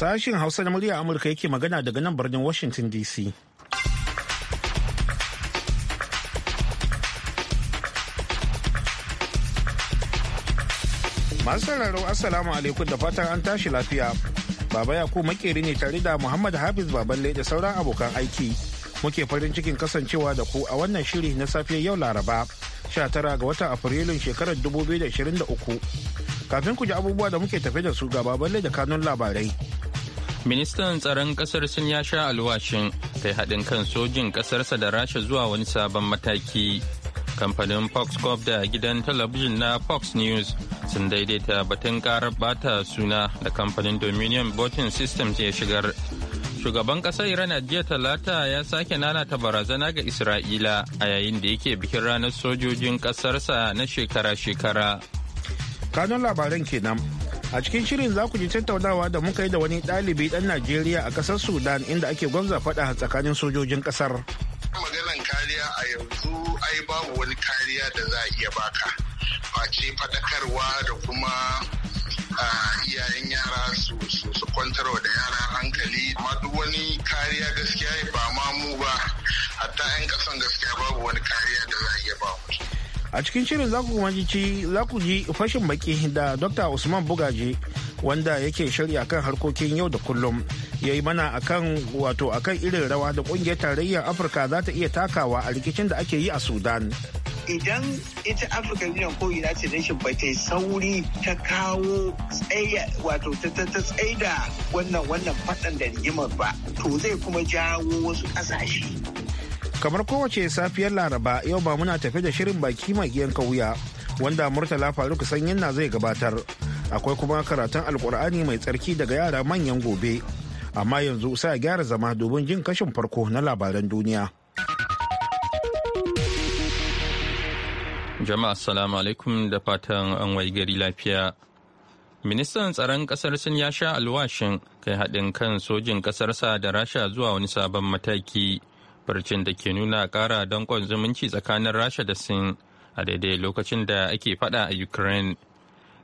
Sashin Hausa na murya Amurka yake magana daga nan birnin Washington DC. Masu sauraro Assalamu alaikum da fatan an tashi lafiya. Baba Yakubu makeri ne tare da Muhammad Hafiz Baballe da sauran abokan aiki. Muke farin cikin kasancewa da ku a wannan shiri na safiyar yau Laraba, 19 ga watan Afrilun shekarar 2023. Kafin ku ji abubuwa da muke tafe da su ga Baballe da kanun labarai. ministan tsaron kasar sun ya sha alwashin kai haɗin kan sojin ƙasarsa da rasha zuwa wani sabon mataki kamfanin fox corp da gidan talabijin na fox news sun daidaita batun karar bata suna da kamfanin dominion botin systems ya shigar shugaban ƙasar iran jiya talata ya sake nanata barazana ga isra'ila a yayin da yake bikin ranar sojojin ƙasarsa na shekara-shekara kanun labaran kenan a cikin shirin za ku ji tattaunawa da muka yi da wani ɗalibi ɗan najeriya a ƙasar sudan inda ake gwamza faɗa tsakanin sojojin ƙasar maganan kariya a yanzu ai babu wani kariya da za a iya baka face faɗakarwa da kuma iyayen yara su su kwantarwa da yara hankali amma duk wani kariya gaskiya ba ma ba hatta 'yan ƙasan gaskiya babu wani kariya da za a iya ba a cikin shirin za ku ji za ku ji fashin baki da dr usman bugaje wanda yake shirya kan harkokin yau da kullum ya yi mana akan wato akan irin rawa da kungiyar tarayyar afirka za ta iya takawa a rikicin da ake yi a sudan idan ita afirka union ko ce nation ba ta sauri ta kawo tsaya wato ta tsaida wannan wannan faɗan da rigimar ba to zai kuma jawo wasu ƙasashe kamar kowace safiyar laraba yau ba muna tafi da shirin baki mai yanka wuya wanda murtala faruk sanyin na zai gabatar akwai kuma karatun alkur'ani mai tsarki daga yara manyan gobe amma yanzu sa gyara zama domin jin kashin farko na labaran duniya jama'a assalamu alaikum da fatan an wai gari lafiya ministan tsaron kasar sun ya sha alwashin kai haɗin kan sojin sa da rasha zuwa wani sabon mataki Farcin da ke nuna ƙara danƙon zumunci tsakanin Rasha da Sin a daidai lokacin da ake fada a Ukraine.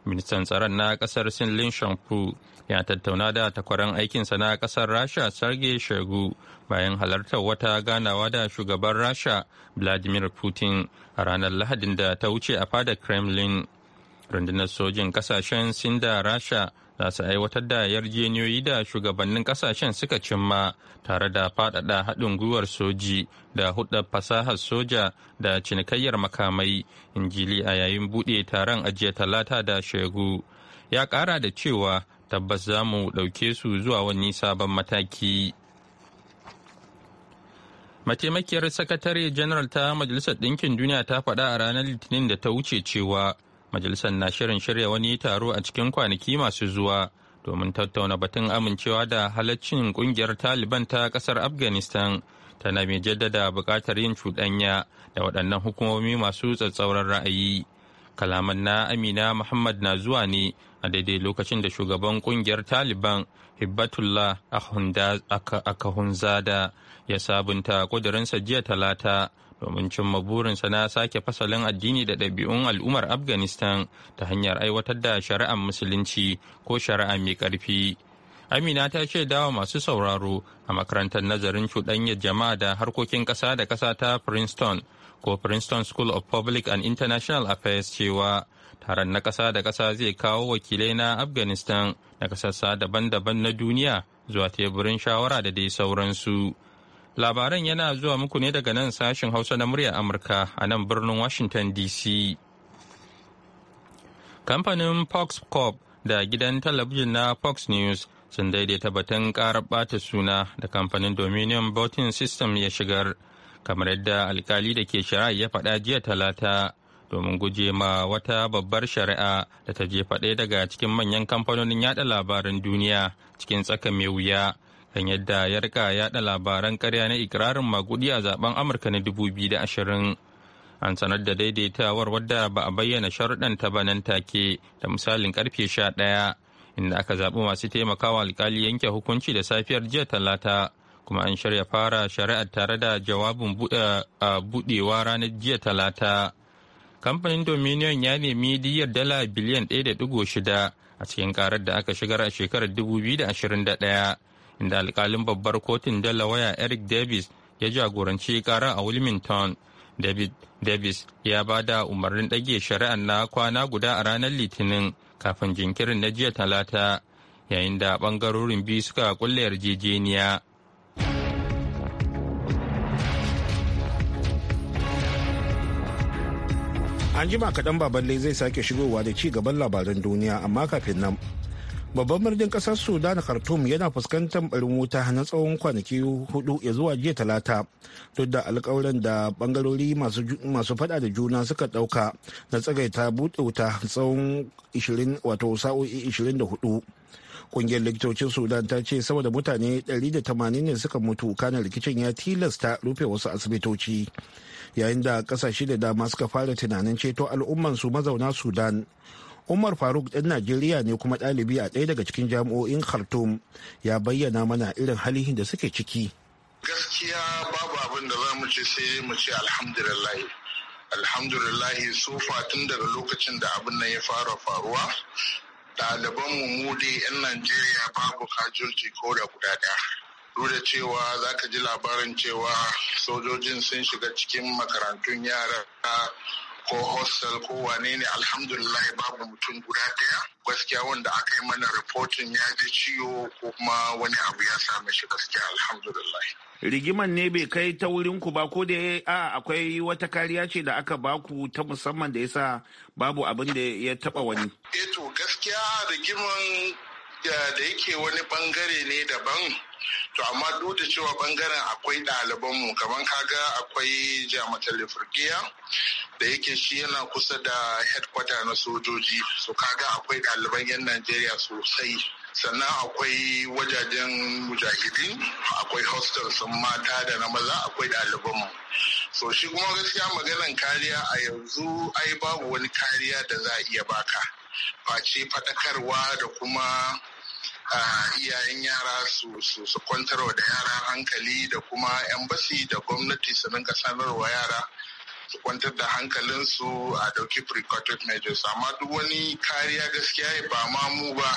Ministan tsaron na kasar Sin Lin Shampu ya tattauna da takwaran aikinsa na kasar Rasha sarge Shegu bayan halartar wata ganawa da shugaban Rasha Vladimir Putin a ranar Lahadin da ta wuce a fadar Kremlin. Rundunar sojin kasashen Sin da Rasha za su aiwatar da yarjeniyoyi da shugabannin kasashen suka cimma tare da faɗaɗa haɗin gwiwar soji da hudar fasahar soja da cinikayyar makamai injili a yayin buɗe taron ajiye talata da shegu ya ƙara da cewa tabbas za mu ɗauke su zuwa wani sabon mataki. Mataimakiyar Sakatare General ta Majalisar Ɗinkin Duniya ta faɗa a ranar Litinin da ta wuce cewa Majalisar na shirin shirya wani taro a cikin kwanaki masu zuwa domin tattauna batun amincewa da halaccin kungiyar Taliban ta kasar Afghanistan tana mai jaddada bukatar yin cuɗanya da waɗannan hukumomi masu tsatsauran ra'ayi. Kalaman na Amina Muhammad na zuwa ne a daidai lokacin da shugaban kungiyar Taliban Hibbatullah Akahunzada ya sabunta ƙudurinsa jiya talata. domin cimma burinsa na sake fasalin addini da ɗabi'un al'ummar afghanistan ta hanyar aiwatar da shari'ar musulunci ko shari'a mai ƙarfi amina ta ce dawa masu sauraro a makarantar nazarin cuɗanyar jama'a da harkokin ƙasa da ƙasa ta princeton ko princeton school of public and international affairs cewa taron na ƙasa da ƙasa zai kawo wakilai na afghanistan na ƙasassa daban-daban na duniya zuwa teburin shawara da dai sauransu. Labaran yana zuwa muku ne daga nan sashen Hausa na muryar Amurka a nan birnin Washington DC. Kamfanin Fox Corp da gidan talabijin na Fox News sun daidaita batun karar bata suna da kamfanin Dominion Voting System ya shigar, kamar yadda alkali da ke shari'a ya faɗa jiya talata. domin guje ma wata babbar shari'a da ta je ɗaya daga cikin manyan kamfanonin yada labaran duniya cikin tsaka mai wuya kan yadda ya rika yada labaran karya na ikirarin magudi a zaben amurka na 2020 an sanar da daidaitawar wadda ba a bayyana sharuɗan ta ba nan take da misalin karfe 11 inda aka zaɓi masu taimakawa alkali yanke hukunci da safiyar jiya talata kuma an shirya fara shari'ar tare da jawabin buɗewa ranar jiya talata kamfanin dominion ya nemi diyyar dala biliyan 1.6 a cikin karar da aka shigar a shekarar 2021 inda alkalin babbar kotun delaware eric davis ya jagoranci kara a wilmington david davis ya ba da umarnin ɗage shari'ar na kwana guda a ranar litinin kafin jinkirin na jiya talata yayin da ɓangarorin biyu suka kulle yarjejeniya an jima kaɗan baballe zai sake shigowa da ci gaban labaran duniya amma kafin nan babban birnin kasar sudan khartoum yana fuskantar barin wuta na tsawon kwanaki hudu ya zuwa jiya talata duk da alkawarin da bangarori masu fada da juna suka dauka na tsagaita bude wuta tsawon 20 wato sa'o'i 24 kungiyar likitocin sudan ta ce saboda da mutane 180 ne suka mutu kanan rikicin ya tilasta rufe wasu asibitoci yayin da kasashe da dama suka fara tunanin ceto al'ummansu mazauna sudan Umar Faruk ɗan Najeriya ne kuma ɗalibi a ɗaya daga cikin jami'o'in Khartoum ya bayyana mana irin halihin da suke ciki. Gaskiya babu abin da za mu ce sai mu ce alhamdulillah. Alhamdulillah sofa tun daga lokacin da abin nan ya fara faruwa. Ɗaliban mu mu dai 'yan Najeriya babu kajulti ko da guda ɗaya. Duk da cewa za ka ji labarin cewa sojojin sun shiga cikin makarantun yara ko hostel ko wane ne alhamdulillah babu mutum guda daya gaskiya wanda aka yi mana reporting ya ji ciwo ko kuma wani abu ya same shi gaskiya alhamdulillah rigiman ne bai kai ta wurin ku ba ko da a akwai wata kariya ce da aka baku ta musamman da yasa babu abin da ya taba wani eh to gaskiya rigiman eh, da yake wani bangare ne daban to amma duk da cewa bangaren akwai ɗalibanmu kamar kaga akwai jami'ar lifirgiya da yake shi yana kusa da headquarter na sojoji so kaga akwai ɗaliban 'yan najeriya sosai sannan akwai wajajen mujahidin akwai hostel sun mata da na maza akwai ɗalibanmu so shi kuma gaskiya maganan kariya a yanzu ai babu wani kariya da za a iya baka face faɗakarwa da kuma iyayen yara su kwantar kwantarwa da yara hankali da kuma yan da gwamnati su dinga sanarwa yara su kwantar da hankalinsu a dauki precautive measures amma duk wani kariya gaskiya ba ma ba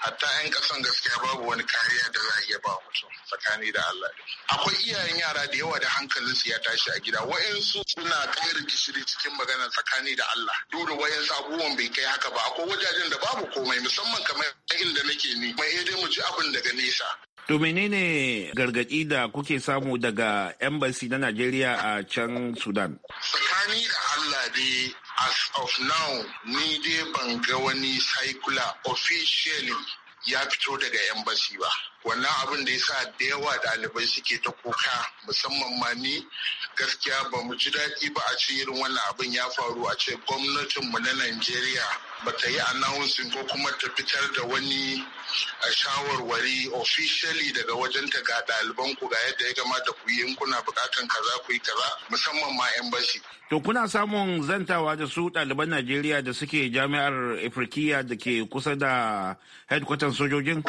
hatta 'yan kasan gaskiya babu wani kariya da za a iya ba mutum tsakani da Allah akwai iyayen yara da yawa da hankalinsu ya tashi a gida wa'yansu suna kai gishiri cikin maganar tsakani da Allah duk da wa'yansu bai kai haka ba akwai wajajen da babu komai musamman kamar inda nake ni mai eh, dai mu ji abin daga nesa To menene gargaɗi da kuke samu daga embassy na Najeriya a can Sudan? Tsakani da Allah dai as of now ni dai ban ga wani circular officially ya fito daga embassy ba. wannan abin da ya sa da yawa ɗalibai suke ta kuka musamman ma ni gaskiya ba mu ji daɗi ba a ce irin wannan abin ya faru a ce gwamnatinmu na najeriya ba ta yi announcing ko kuma ta fitar da wani a shawarwari officially daga wajen ta ga ɗaliban ku ga yadda ya kamata da yi in kuna buƙatan kaza ku yi kaza musamman ma embassy. To kuna samun zantawa da su ɗaliban Najeriya da suke jami'ar afirkiya da ke kusa da headquarters sojojin?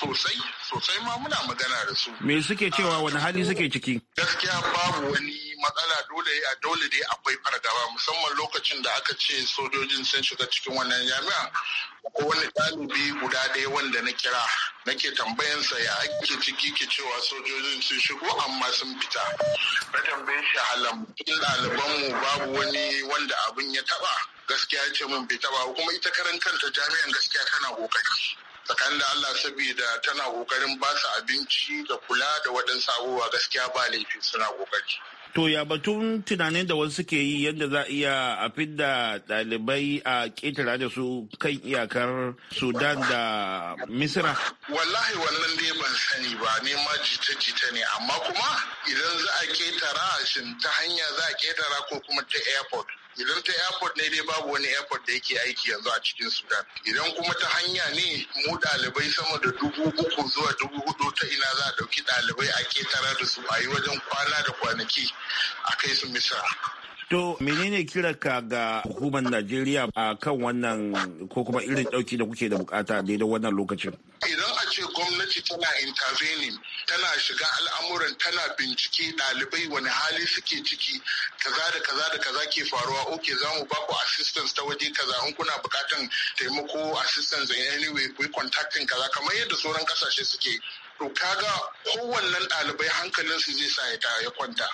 Sosai, sosai. sosai ma muna magana da su. Me suke cewa wani hali ah, suke ciki? Gaskiya babu wani matsala dole a dole dai akwai fargaba musamman lokacin da aka ce sojojin sun shiga cikin wannan jami'a. Wani ɗalibi guda ɗaya wanda na kira nake tambayansa ya ake ciki ke cewa sojojin sun shigo amma sun fita. Na tambaye shi halam ɗalibanmu babu wani wanda abin ya taɓa gaskiya ce mun bai taɓa kuma ita karan kanta jami'an gaskiya tana kokari. tsakanin da Allah saboda tana kokarin ba su abinci da kula da waɗansu abubuwa gaskiya ba laifi suna kokari. To ya batun tunanin da wasu suke yi yadda za a iya a fidda ɗalibai a ƙetare da su kan iyakar Sudan da Misira? Wallahi wannan dai ban sani ba ne ma jita-jita ne amma kuma idan za a ƙetara shin ta hanya za a ƙetara ko kuma ta airport idan ta airport ne dai babu wani airport da yake aiki yanzu a cikin sudan idan kuma ta hanya ne mu ɗalibai sama da dubu uku zuwa dubu hudu ta ina za a ɗauki ɗalibai a ketara da su a yi wajen kwana da kwanaki a kai su misra To menene kira ka ga hukumar Najeriya a kan wannan ko kuma irin dauki da kuke da bukata daidai wannan lokacin? Idan a ce gwamnati tana intervening tana shiga al'amuran tana bincike ɗalibai wani hali suke ciki kaza da kaza da kaza ke faruwa oke za mu baku assistance ta waje kaza in kuna bukatan taimako assistance in way ku yi contacting kaza kamar yadda sauran kasashe suke to kaga kowannen ɗalibai hankalinsu zai sa ya kwanta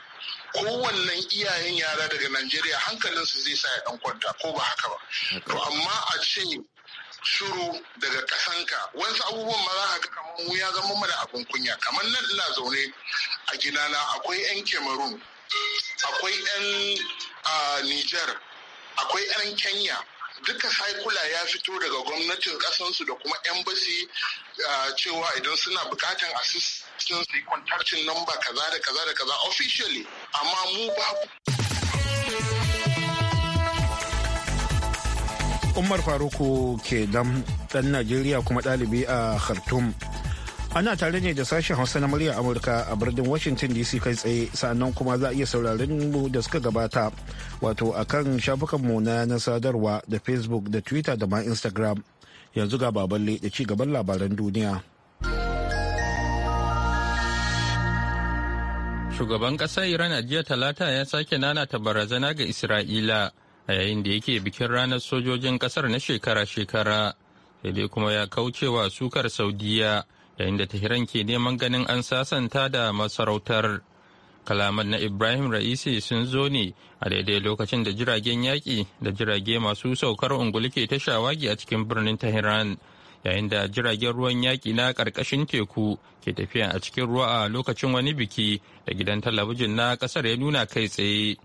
kowannen iyayen yara daga Najeriya hankalinsu zai sa ya dan kwanta ko ba haka ba. To amma a ce shuru daga kasanka wasu abubuwan ma za a ga kamar mu ya zama mana abin kunya kamar nan ina zaune a gidana akwai 'yan Cameroon akwai 'yan ah, Niger akwai 'yan Kenya duka haikula ya fito daga gwamnatin kasansu da kuma embassy cewa idan suna bukatan assistance da contacting number kaza da kaza da kaza officially amma mu ba Umar Faruku ke dan Najeriya kuma ɗalibi a Khartoum ana tare ne da sashen hausa na murya amurka a birnin washington dc kai tsaye sannan kuma za a iya sauraron mu da suka gabata wato a kan shafukanmu na na sadarwa da facebook da twitter da ma instagram yanzu ga baballe da ci gaban labaran duniya shugaban ƙasar iran a jiya talata ya sake nana ta barazana ga isra'ila a yayin da yake bikin ranar sojojin ƙasar na shekara-shekara sai dai kuma ya kaucewa sukar saudiya yayin da tahiran ke neman ganin an sasanta da masarautar. Kalaman na Ibrahim Ra'isi sun zo ne a daidai lokacin da jiragen yaƙi da jirage masu saukar ungulu ke ta shawagi a cikin birnin Tehran. yayin da jiragen ruwan yaƙi na ƙarƙashin teku ke tafiya a cikin ruwa a lokacin wani biki da gidan talabijin na ƙasar ya nuna kai tsaye.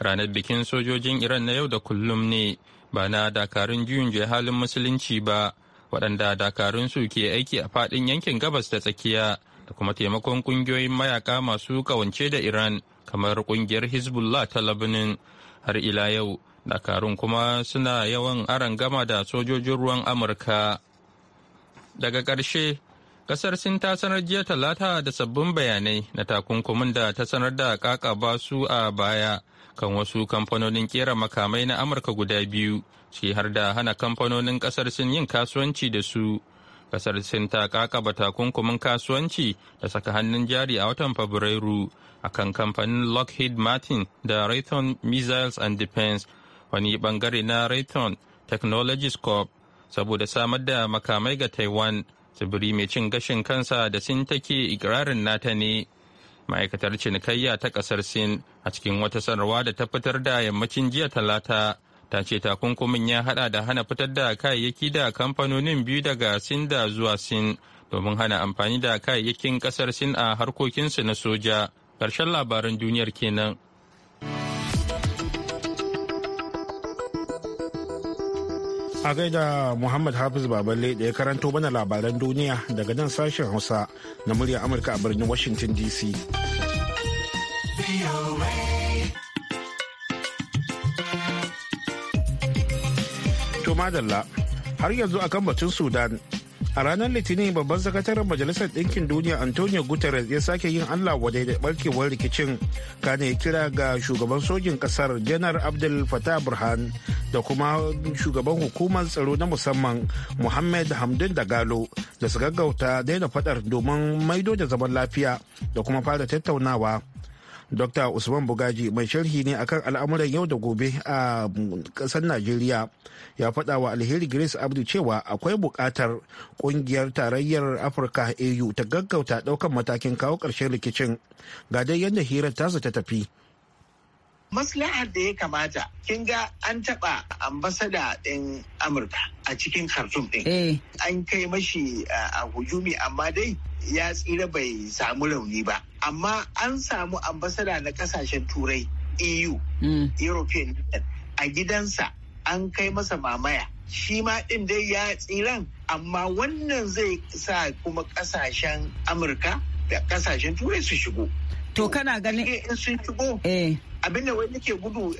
Ranar bikin sojojin Iran na yau da kullum ne ba na dakarun juyin halin musulunci ba. waɗanda dakarunsu ke aiki a faɗin yankin gabas da tsakiya da kuma taimakon ƙungiyoyin mayaƙa masu ƙawance da iran kamar ƙungiyar hezbollah ta labinin har ila yau dakarun kuma suna yawan aron gama da sojojin ruwan amurka daga ƙarshe Kasar Sin ta sanar jiya talata da sabbin bayanai na takunkumin da ta sanar da ba su a baya kan wasu kamfanonin kera makamai na Amurka guda biyu, ciki har da hana kamfanonin kasar Sin yin kasuwanci da su. Kasar Sin ta kakaba takunkumin kasuwanci da saka hannun jari a watan Fabrairu a kan kamfanin Lockheed Martin da Raytheon Missiles and Defense, wani bangare na Raytheon Technologies Corp, saboda samar da makamai ga Taiwan. tsibiri mai cin gashin kansa da sin take ikirarin nata ne ma'aikatar cinikayya ta kasar sin a cikin wata sanarwa da ta fitar da yammacin jiya talata ta ce takunkumin ya hada da hana fitar da kayayyaki da kamfanonin biyu daga sin da zuwa sin domin hana amfani da kayayyakin kasar sin a harkokinsu na soja karshen labaran duniyar kenan. a gaida muhammad hafiz baballe da ya karanto mana labaran duniya daga nan sashen hausa na muryar amurka a birnin washington dc to madalla har yanzu akan batun sudan a ranar litinin babban sakataren majalisar ɗinkin duniya antonio guterres ya sake yin allah wadai da barkewar rikicin kane kira ga shugaban sojin ƙasar janar abdul fatah burhan da kuma shugaban hukumar tsaro na musamman muhammad hamdun dagalo da su gaggauta daina faɗar domin maido da zaman lafiya da kuma fara tattaunawa Dr. Usman Bugaji mai sharhi ne akan al'amuran yau da gobe a ƙasar Najeriya ya faɗa wa alheri Grace Abdu cewa akwai buƙatar ƙungiyar tarayyar Afirka AU ta gaggauta ɗaukan matakin kawo ƙarshen rikicin ga dai yadda hirar tasa ta tafi. maslahar da ya kamata kin ga an taɓa ambasada ɗin amurka a cikin khartoum ɗin eh. an kai mashi eh, a hujumi amma dai ya tsira bai samu rauni ba amma an samu ambasada na ƙasashen turai eu hmm. european union a gidansa an kai masa mamaya shi ma ɗin dai ya tsiran amma wannan zai sa kuma kasashen amurka da kasashen turai su shigo to kana ganin in sun shigo eh. abin da wani ke gudu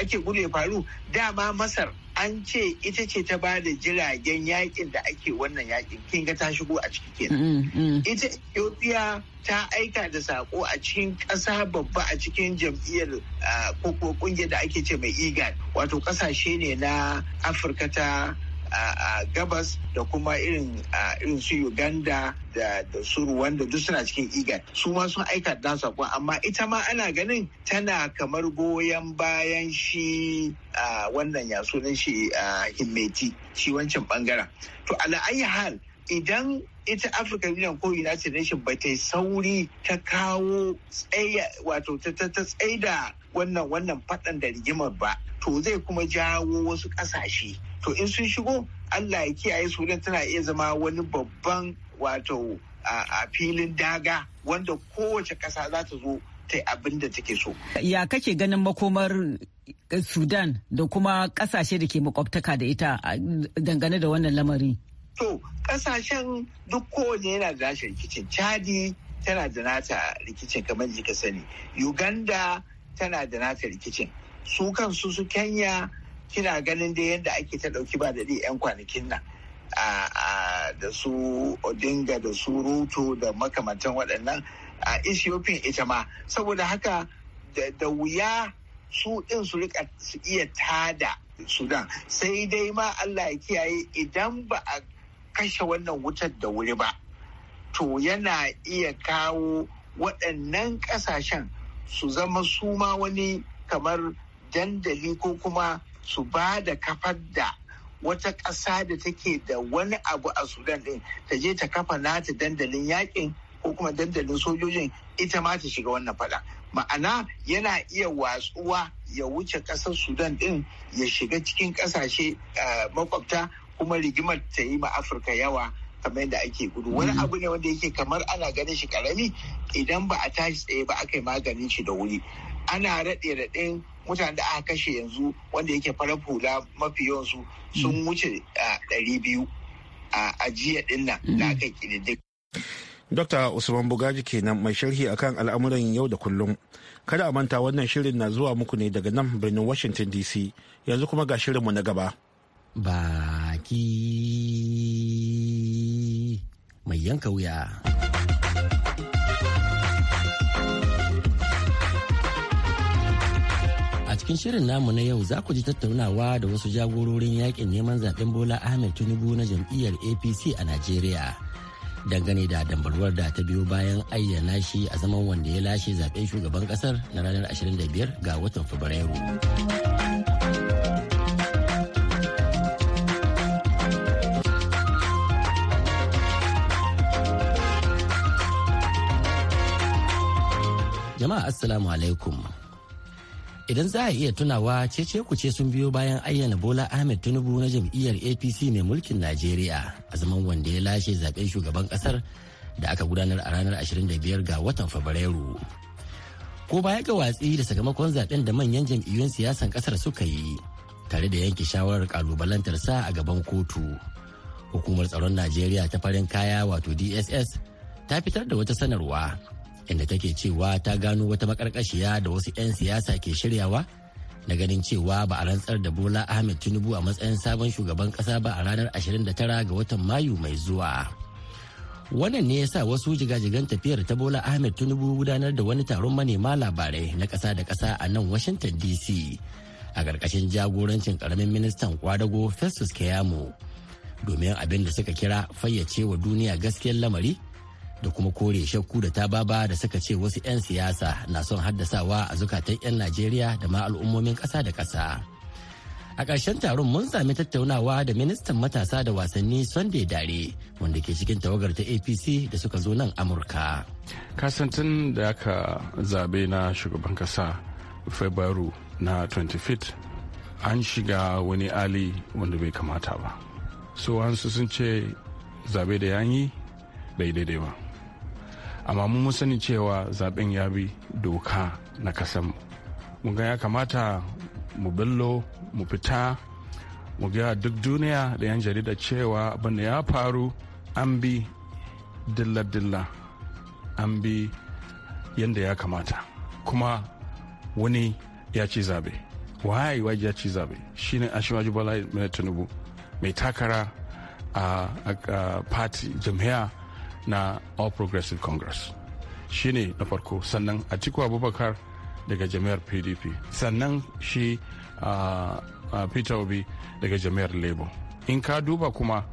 ake gudu ya faru dama masar an ce ita ce ta bada jiragen yakin da ake wannan yakin kin ga ta shigo a ciki kenan mm, mm. ita ethiopia ta aika da sako a cikin ƙasa babba a cikin jam'iyyar ko kungiyar da ake ce mai igad e wato ƙasashe ne na afirka ta a gabas da kuma irin irin su Uganda da su Rwanda duk suna cikin IGAD su ma sun aika da sakon amma ita ma ana ganin tana kamar goyon bayan shi wannan ya sunan shi himmeti shi wancan bangaren to ala hal idan ita afirka union ko united nations ba ta yi sauri ta kawo tsaya wato ta tsaida wannan wannan faɗan da rigimar ba to zai kuma jawo wasu ƙasashe to in sun shigo allah ya kiyaye sudan tana iya zama wani babban wato a filin daga wanda kowace ƙasa za ta zo ta yi abin da take so ya kake ganin makomar eh, sudan da kuma ƙasashe da ke makwabtaka da ita dangane da wannan lamari to ƙasashen duk kowane yana da nashi rikicin chadi tana da nata rikicin kamar jika sani uganda tana da nata rikicin su kansu su kenya kina ganin dai yadda ake ta ɗauki ba daɗi 'yan kwanakin nan da su odinga da su ruto da makamantan waɗannan a ethiopia ita ma saboda haka da wuya su ɗin su rika su iya tada sudan sai dai ma allah ya kiyaye idan ba a kashe wannan wutar da wuri ba to yana iya kawo waɗannan ƙasashen su zama su ma wani kamar dandali ko kuma su ba da kafar da wata ƙasa da take da wani abu a sudan ɗin ta je ta kafa nata dandalin yakin ko kuma dandalin sojojin ita ma ta shiga wannan fada ma'ana yana iya watsuwa ya wuce ƙasar sudan ɗin ya shiga cikin ƙasashe eh, makwabta kuma rigimar ta yi ma afirka yawa kamar yadda ake gudu wani mm. abu ne wanda yake kamar ana ganin shi karami idan ba a tashi tsaye ba aka yi maganin shi da wuri ana raɗe raɗen mutane da aka kashe yanzu wanda yake farar hula mafi yawansu sun mm. wuce ɗari biyu a ajiya ɗin nan da mm. aka Dr. Usman Bugaji kenan mai sharhi akan al'amuran yau da kullum. Kada a manta wannan shirin na zuwa muku ne daga nan birnin Washington DC. Yanzu kuma ga shirinmu na gaba. Baki mai yanka wuya. cikin shirin namu na yau za ku ji tattaunawa da wasu jagororin yakin neman zaben Bola Ahmed Tinubu na jam'iyyar APC a Najeriya. Dangane da dambarwar da ta biyo bayan ayyana shi a zaman wanda ya lashe zaben shugaban kasar na ranar 25 ga watan Fabrairu. Jama'a Assalamu alaikum. idan za a iya tunawa cece ku ce sun biyo bayan ayyana bola ahmed tinubu na jam'iyyar apc mai mulkin najeriya a zaman wanda ya lashe zaben shugaban kasar da aka gudanar a ranar 25 ga watan fabrairu ko baya ga watsi da sakamakon zaben da manyan jam'iyyun siyasan kasar suka yi tare da yanke shawarar kalubalantar sa a gaban kotu hukumar tsaron najeriya ta farin kaya wato dss ta fitar da wata sanarwa inda take cewa ta gano wata makarkashiya da wasu 'yan siyasa ke shiryawa na ganin cewa ba a rantsar da bola ahmed tinubu a matsayin sabon shugaban kasa ba a ranar 29 ga watan mayu mai zuwa wannan ne ya sa wasu jiga-jigan tafiyar ta bola ahmed tinubu gudanar da wani taron manema labarai na kasa da kasa a nan washington dc a ƙarƙashin jagorancin ƙaramin ministan kwadago festus keyamo domin abin da suka kira fayyace wa duniya gaskiyar lamari da kuma kore shakku da ta tababa da suka ce wasu 'yan siyasa na son haddasawa a zukatan 'yan najeriya da ma al'ummomin ƙasa da ƙasa a ƙarshen taron mun sami tattaunawa da ministan matasa da wasanni sunday dare wanda ke cikin tawagar ta apc da suka zo nan amurka kasantin da aka zabe na shugaban kasa fabaru na 25 an shiga wani ali wanda bai kamata ba so hansu sun ce zabe da yanyi bai daidai ba amma mun sani cewa zaben ya bi doka na kasan mu ga ya kamata mu billo mu fita mu ga duk duniya da yan jarida cewa abin da ya faru an bi dilla-dilla an bi yadda ya kamata kuma wani ya ci zabe waye waje ya ci zabe shine ashimaju bala mai mai takara a party jam'iyya na all progressive congress shi ne na farko sannan a ciku abubakar daga jami'ar pdp sannan shi peter obi daga jami'ar labour in ka duba kuma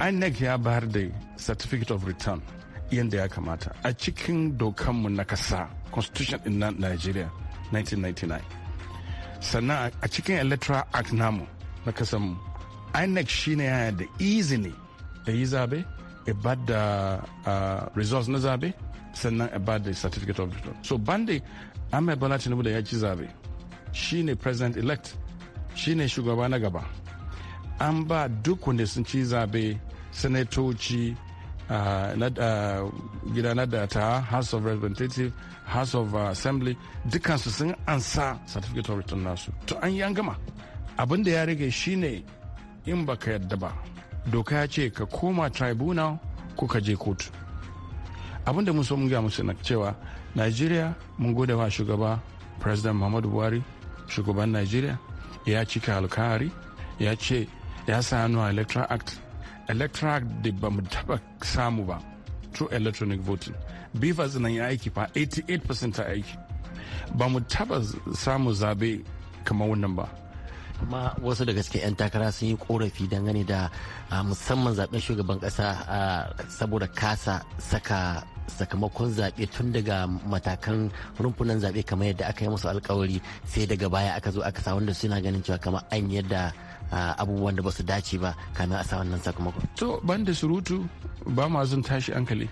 inec ya bayar da certificate of return yadda ya kamata a cikin dokanmu na kasa constitution in nigeria 1999 sannan a cikin electoral act namu na kasanmu inec shi ne ya da izini da yi zabe ba da uh, uh, results na zabe sannan a ba da certificate of return so bande amma bala tinubu da ya ci zabe shine president elect shine shugaba na gaba an ba duk wanda sun ci zabe sanatoci uh, gida na data house of representative house of assembly dukansu sun ansa certificate of return nasu to an yi an gama abin ya rage shine in baka yadda ba doka ya ce ka koma tribunal ko ka je kotu abinda da so mun gaya musu na cewa nigeria mun gode wa shugaba president muhammadu buhari shugaban nigeria ya cika alkahari ya ce ya sa hannu a electoral act electoral act da ba mu taba samu ba through electronic voting beavers nan ya aiki fa 88% ta aiki ba mu taba samu zabe kamar wannan ba amma wasu daga cikin 'yan takara sun yi korafi dangane da musamman zaben shugaban kasa saboda kasa saka sakamakon zaɓe tun daga matakan rumfunan zaɓe kamar yadda aka yi musu alkawari sai daga baya aka zo aka sa wanda suna ganin cewa kamar an yadda abubuwan da ba su dace ba kamar a sa wannan sakamakon. to ban da surutu ba ma zan tashi ankali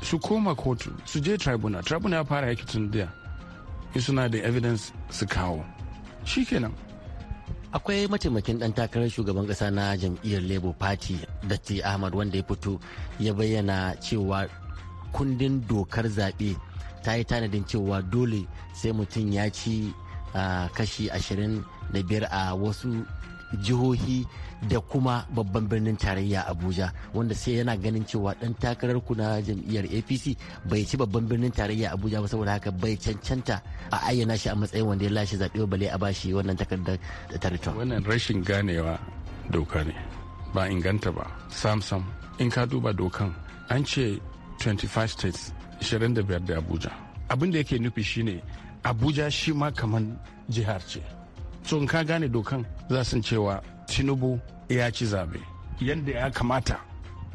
su koma kotu su je tribunal tribunal ya fara yaki tun da suna da evidence su kawo shikenan akwai mataimakin dan takarar shugaban kasa na jam'iyyar labour party datti ahmad wanda ya fito ya bayyana cewa kundin dokar zaɓe ta yi tanadin cewa dole sai mutum ya ci ah, kashi ashirin da biyar a wasu jihohi da kuma babban birnin tarayya abuja wanda sai yana ganin cewa dan takarar ku na jam'iyyar apc bai ci babban birnin tarayya abuja ba saboda haka bai cancanta a ayyana shi a matsayin wanda ya lashe zaɓe bale a bashi wannan takardar tariton wannan rashin ganewa doka ne ba inganta ba samsam in ka duba dokan an ce 25 states 25 da abuja abin da yake nufi shine abuja shi ma kamar jihar ce so ka gane dokan za su cewa tinubu ya ci zabe yadda ya kamata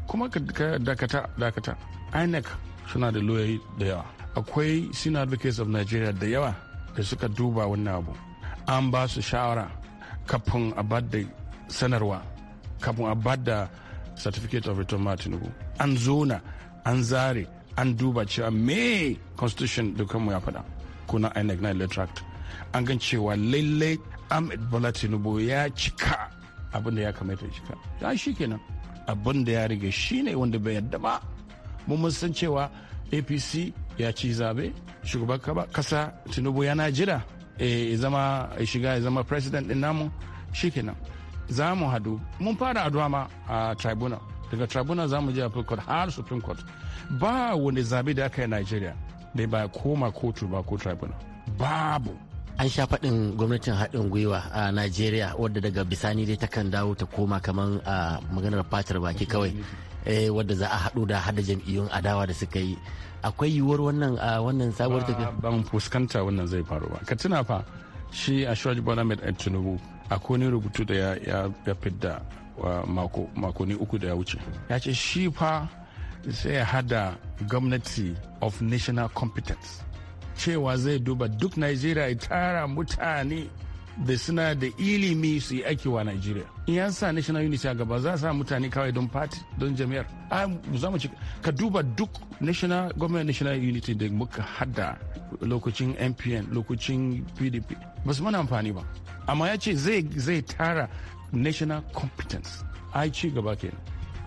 kuma ka dakata dakata inec suna da loyayi da yawa akwai sina advocates of nigeria da yawa da suka duba wannan abu an ba su shawara kafin a bada sanarwa kafin a bada certificate of return ma tinubu an zona an zare an duba cewa me constitution mu ya faɗa kuna inec na electoral an gan cewa lallai ahmed bola tinubu ya cika abin da ya kamata ya cika ya shi kenan abin da ya riga shi ne wanda bai yadda ba mu mun san cewa apc ya ci zabe shugaban kasa tinubu yana jira e zama shiga ya zama president din namu shi kenan za mu hadu mun fara addu'a ma a tribunal daga tribunal za mu je appeal court har supreme court ba wani zabe da aka yi Najeriya da ba koma kotu ba ko tribunal babu an sha faɗin gwamnatin haɗin gwiwa a najeriya wadda daga bisani dai takan dawo ta koma kamar a maganar fatar baki kawai eh, wadda za a haɗu da hada jam'iyyun adawa da suka yi akwai yiwuwar wannan wannan sabuwar tafiya ban fuskanta wannan zai faru ba ka tuna fa shi a shawarci bola mai tunubu. akwai ne rubutu da ya fidda mako makoni uku da ya wuce ya ce shi fa sai ya hada gwamnati of national competence cewa zai duba duk Najeriya ya tara mutane da suna da ilimi su yi aiki wa Najeriya. In ya sa National Unity a gaba za sa mutane kawai don party don jami'ar. za mu ka duba duk National Government National Unity da muka hada lokacin NPN, lokacin PDP. Ba su mana amfani ba. Amma ya ce zai tara national competence. Ai ci gaba ke.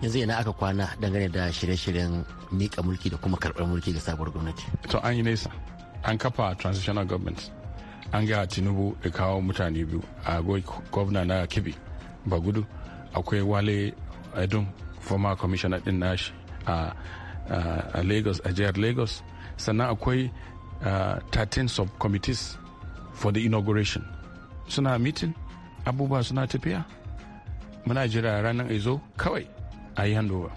yanzu yana aka kwana dangane da shirye-shiryen mika mulki da kuma karɓar mulki da sabuwar gwamnati. To an yi nesa. an kafa transitional government an ga tinubu da kawo mutane biyu a gwamna na kibi ba gudu akwai wale edun former commissioner din nashi a lagos a jihar lagos sannan akwai 13 subcommittees for the inauguration suna meeting abubuwa suna tafiya muna jira ranar izo kawai a yi handover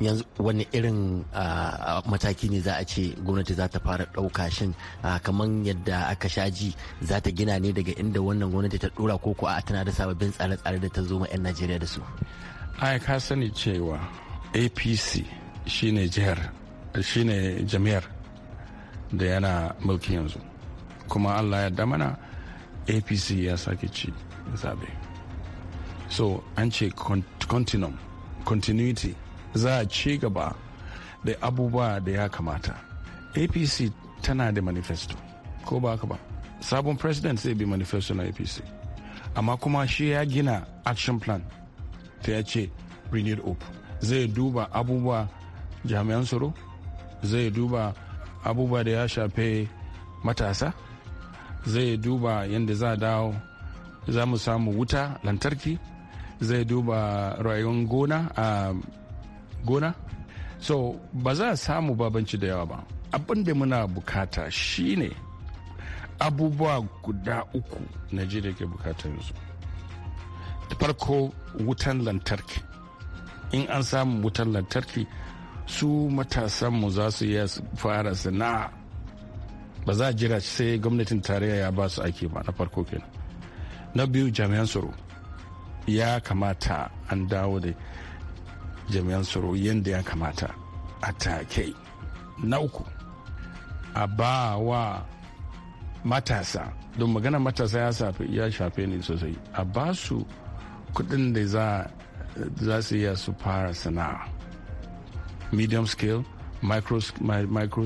yanzu wani irin mataki ne za a ce gwamnati za ta fara ɗauka shin kamar yadda aka sha ji za ta gina ne daga inda wannan gwamnati ta ɗora ko a tana da sababbin tsare-tsare da ta zo ma 'yan najeriya da su ai ka sani cewa apc shine jihar shine jami'ar da yana mulki yanzu kuma allah ya damana apc ya sake ci zabe so an ce continuity za a ci gaba da abubuwa da ya kamata apc tana da manifesto ko ba haka ba sabon president zai bi manifesto na apc amma kuma shi ya gina action plan ta ya ce renewed hope zai duba abubuwa jami'an tsaro zai duba abubuwa da ya shafe matasa zai duba yadda za a dawo za mu samu wuta lantarki zai duba rayuwar gona a ah, gona so ba za a samu babanci da yawa ba abin da muna bukata shine abubuwa guda uku najeriya ke bukatar yanzu da farko wutan lantarki in an samu wutan lantarki su matasanmu za su iya fara sana'a ba za a jira sai gwamnatin tarayya ya ba su ake ba na farko kenan na biyu jami'an tsaro ya kamata an dawo da jami'an tsaro yadda ya kamata a take na uku a ba wa matasa don magana matasa ya shafe ni sosai a ba su kudin da za su iya su fara sana'a medium scale micro,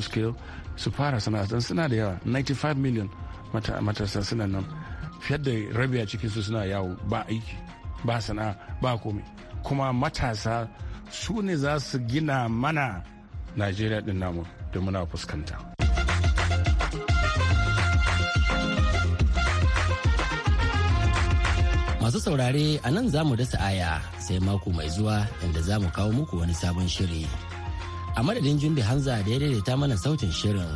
scale su fara sana'a don suna da yawa 95 million matasa suna nan fiye da rabi a cikinsu suna yawo ba aiki ba sana'a ba komai kuma matasa su ne za su gina mana najeriya din namu da muna fuskanta masu saurare a nan za mu dasa aya sai mako mai zuwa inda za mu kawo muku wani sabon shiri a madadin jumbi hanza da ya daidaita mana sautin shirin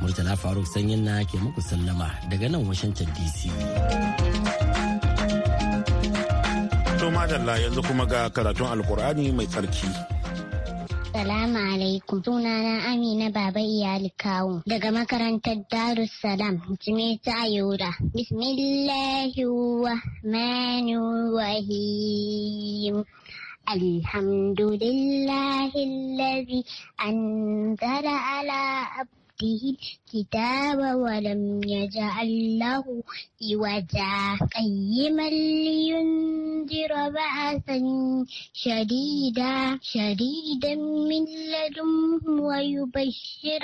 murtala faruk sanyin na ke muku sallama daga nan washington dc To madalla yanzu kuma ga karatun alkur'ani mai tsarki. Salamu alaikum. Sunana Amina Baba Iyali Kawo daga makarantar Darussalam Jimeta Ayura. wa Bismillahirrahmanirrahim. Alhamdulillahi الذي ala abu. ربه الكتاب ولم يجعل له عوجا قيما لينذر بعثا شديدا شديدا من لدنه ويبشر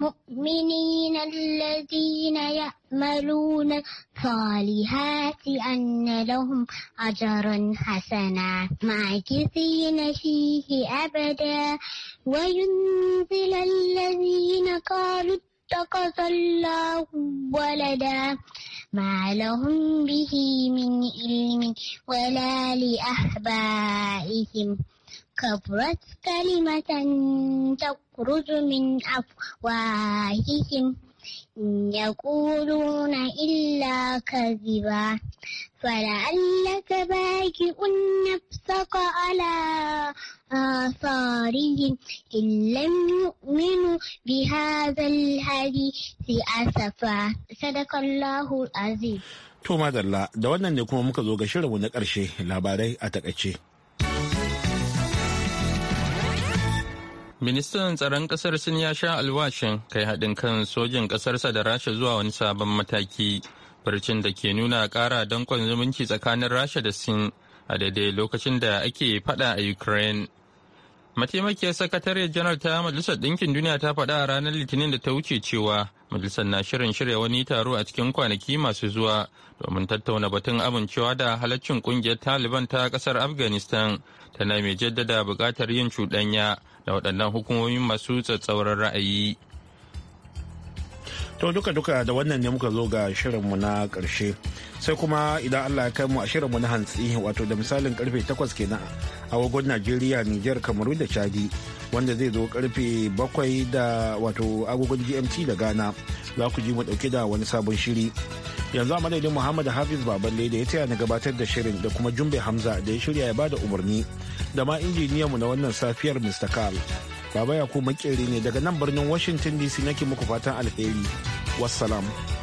المؤمنين الذين يأمنون يعملون صالحات أن لهم أجرا حسنا ماكثين فيه أبدا وينزل الذين قالوا اتخذ الله ولدا ما لهم به من علم ولا لأحبائهم كبرت كلمة تخرج من أفواههم يقولون إلا كذبا فلعلك باكئ نفسك على آثارهم إن لم يؤمنوا بهذا الحديث أسفا صدق الله العظيم. To madalla da wannan ne kuma muka zo ga shirinmu na ƙarshe labarai a takaice. Ministan tsaron kasar Sin ya sha alwashin kai haɗin kan sojin ƙasarsa da Rasha zuwa wani sabon mataki. Farcin da ke nuna ƙara dankon zumunci tsakanin Rasha da Sin a daidai lokacin da ake faɗa a Ukraine. Mataimakiyar sakatare janar ta Majalisar Ɗinkin Duniya ta faɗa a ranar Litinin da ta wuce cewa Majalisar na shirin shirya wani taro a cikin kwanaki masu zuwa domin tattauna batun amincewa da halaccin ƙungiyar Taliban ta ƙasar Afghanistan tana mai jaddada buƙatar yin cuɗanya da waɗannan hukumomin masu tsatsauran ra'ayi. to duka-duka da wannan ne muka zo ga shirinmu na karshe sai kuma idan allah ya kai mu a shirinmu na hantsi wato da misalin karfe 8 kenan agogon najeriya Nijar kamaru da chadi wanda zai zo karfe bakwai da wato agogon gmt da ghana za ku ji mu dauke da wani sabon shiri yanzu a madadin muhammad hafiz baballe da ya taya na gabatar da shirin da kuma jumbe hamza da ya shirya ya bada umarni da ma injiniyanmu na wannan safiyar mr karl Baba ko makeri ne daga nan birnin Washington DC nake muku fatan alheri. Wassalam.